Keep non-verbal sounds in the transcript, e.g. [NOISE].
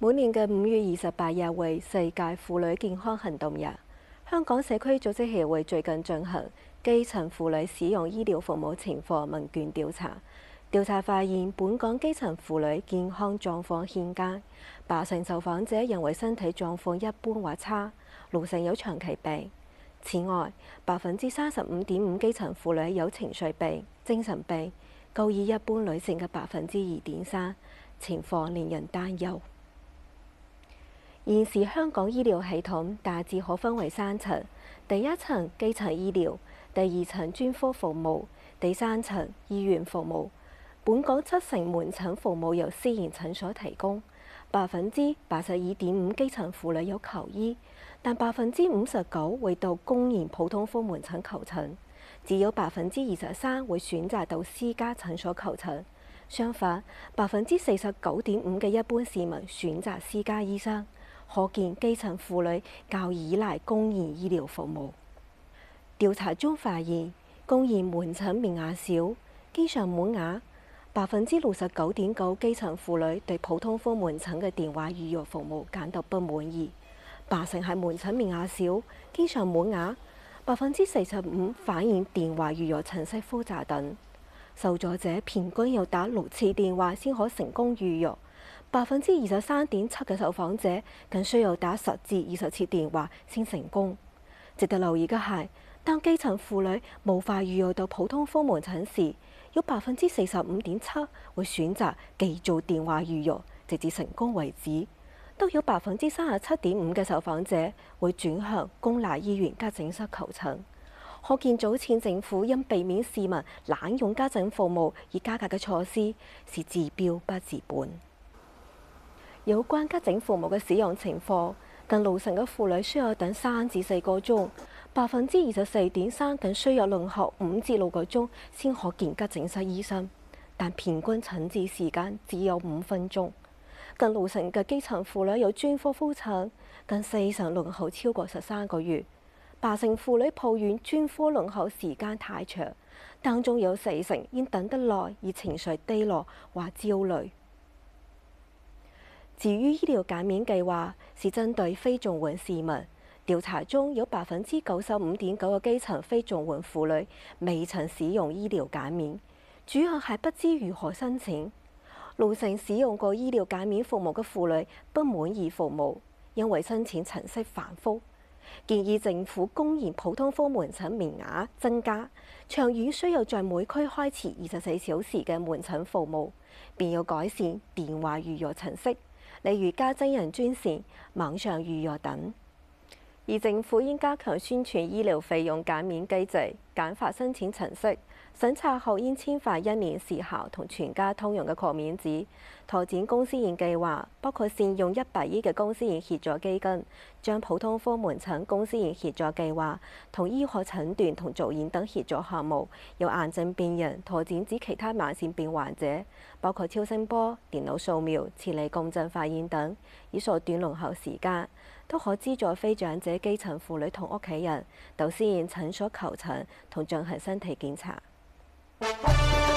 每年嘅五月二十八日為世界婦女健康行動日。香港社區組織協會最近進行基層婦女使用醫療服務情況問卷調查，調查發現本港基層婦女健康狀況欠佳，八成受訪者認為身體狀況一般或差，六成有長期病。此外，百分之三十五點五基層婦女有情緒病、精神病，高於一般女性嘅百分之二點三，情況令人擔憂。現時香港醫療系統大致可分為三層：第一層基層醫療，第二層專科服務，第三層醫院服務。本港七成門診服務由私營診所提供，百分之八十二點五基層婦女有求醫，但百分之五十九會到公營普通科門診求診，只有百分之二十三會選擇到私家診所求診。相反，百分之四十九點五嘅一般市民選擇私家醫生。可見基層婦女較依賴公營醫療服務。調查中發現，公營門診名額少，經常滿額。百分之六十九點九基層婦女對普通科門診嘅電話預約服務感到不滿意。八成係門診名額少，經常滿額。百分之四十五反映電話預約程式複雜等，受助者平均要打六次電話先可成功預約。百分之二十三點七嘅受訪者更需要打十至二十次電話先成功，值得留意嘅係，當基層婦女無法預約到普通科門診時，有百分之四十五點七會選擇繼續電話預約，直至成功為止。都有百分之三十七點五嘅受訪者會轉向公立醫院急症室求診，可見早前政府因避免市民濫用急症服務而加價嘅措施是治標不治本。有關急症服務嘅使用情況，近六成嘅婦女需要等三至四個鐘，百分之二十四點三更需要輪候五至六個鐘先可見急症室醫生，但平均診治時間只有五分鐘。近六成嘅基層婦女有專科覆診，近四成輪候超過十三個月。八成婦女抱怨專科輪候時間太長，當中有四成因等得耐而情緒低落或焦慮。至於醫療減免計劃，是針對非綜援市民。調查中有百分之九十五點九嘅基層非綜援婦女未曾使用醫療減免，主要係不知如何申請。六成使用過醫療減免服務嘅婦女不滿意服務，因為申請程式繁複。建議政府公然普通科門診名額增加，長遠需要在每區開設二十四小時嘅門診服務，並要改善電話預約程式。例如加真人專線、網上預約等，而政府應加強宣傳醫療費用減免機制。簡化申請程式，審查後應簽發一年時效同全家通用嘅豁免紙。拓展公私營計劃，包括善用一百億嘅公私營協助基金，將普通科門診公私營協助計劃同醫學診斷同造影等協助項目，由癌症病人拓展至其他慢性病患者，包括超聲波、電腦掃描、磁力共振化驗等，以縮短輪候時間，都可資助非長者、基層婦女同屋企人，到私營診所求診。同進行身體檢查。 [NOISE]